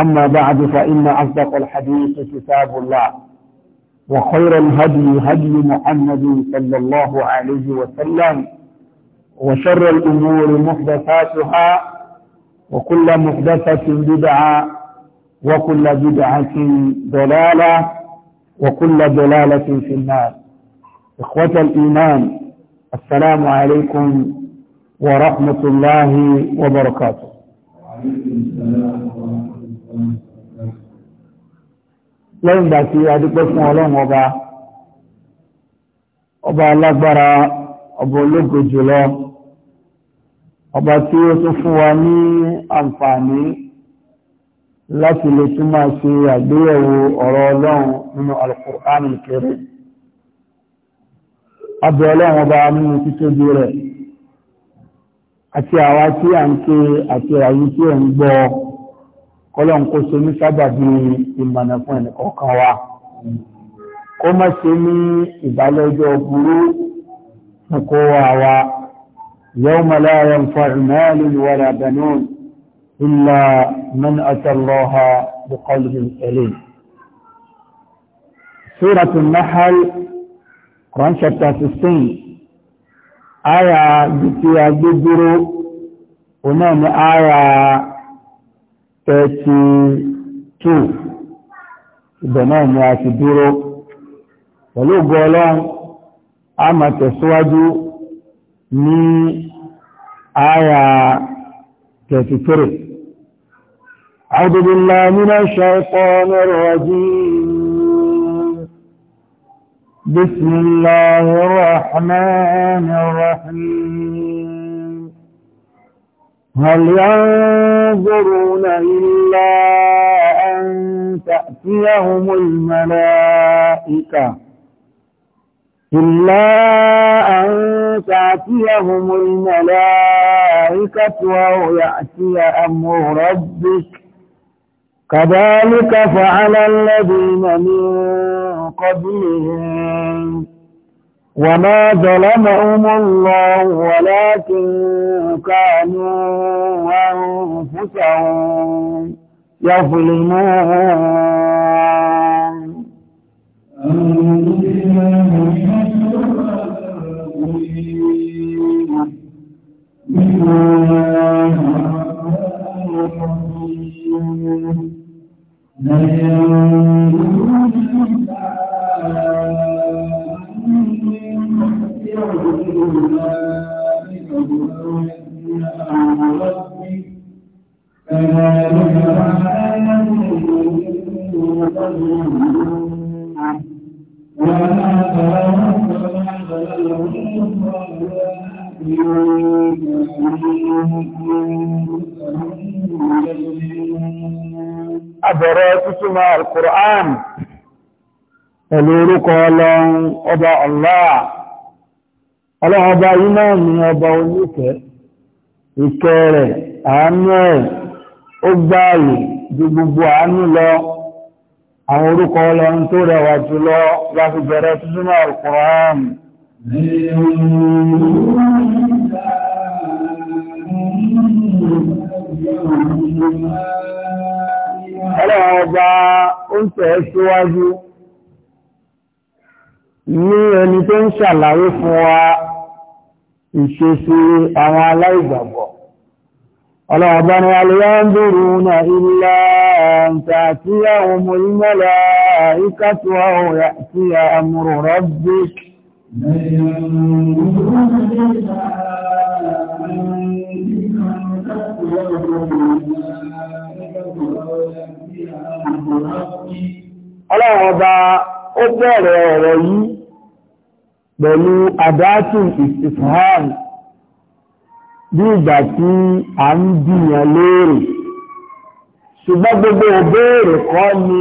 أما بعد فإن أصدق الحديث كتاب الله وخير الهدي هدي محمد صلى الله عليه وسلم وشر الأمور محدثاتها وكل محدثة بدعة وكل بدعة ضلالة وكل ضلالة في النار إخوة الإيمان السلام عليكم ورحمة الله وبركاته وعليكم السلام ورحمة الله lẹ́yìn ìgbà tí a dúpẹ́ fún ọba ọba alágbára ọba ológo jùlọ ọba tí ó tún fún wa ní àǹfààní láti lè tún máa ṣe àgbéyẹ̀wò ọ̀rọ̀ ọlọ́run nínú ọba nínú rẹ̀ àti àwa tí ń ké àti kọ́lọ̀ ń kó so ní sábà bí ìmọ̀nà fún ẹnìkọ̀ọ̀kan wa kó má ṣe ní ìbálẹ́jọ́ burú fún kó wa wa yawma la yanfa'u malun wala banun illa man ata Allaha bi qalbin salim Suratul Nahl Quran 16 aya bí tí a ni aya 32 ibẹ̀ náà ni a ti dúró pẹ̀lú ògo ọlọ́run a máa tẹ̀síwájú ní àyà 33 أعوذ بالله من الشيطان الرجيم بسم الله الرحمن الرحيم هل ينظرون إلا أن تأتيهم الملائكة إلا أن تأتيهم الملائكة أو يأتي أمر ربك كذلك فعل الذين من قبلهم وَمَا ظلمهم اللَّهُ ولكن كَانُوا أنفسهم يظلمون Thank Àbẹ̀rẹ̀ tútúmọ̀ Al-Qur'an pẹ̀lú orúkọ ọlọ́run ọba Allah. Ọlọ́run ọba yìí náà ni ọba oníkẹ́, ìkẹ́ rẹ̀, àánú ẹ̀, ó gbáàyè ju gbogbo àánú lọ àwọn orúkọ ọlọ́run tó rẹwà jùlọ láti bẹ̀rẹ̀ túnmọ̀ Al-Qur'an ọlọ́run ọba ó ń tẹ̀ síwájú ní ẹni tó ń ṣàlàyé fún wa ìṣesí àwọn aláìgbàgbọ́ ọlọ́ọ̀bọ́n alìyàndùrún ilẹ̀ àǹtàtí àwọn mọ̀lẹ́mọ̀lẹ́ ìkàtù àwọn tí a mọ̀rọ̀ rọ́bí ọlọ́ọ̀bá ó bẹ̀rẹ̀ ọ̀rọ̀ yìí pẹ̀lú àdátù ìsìfàárì bí ìgbà tí a ń dìyàn léèrè ṣùgbọ́n gbogbo òbéèrè kọ́ ni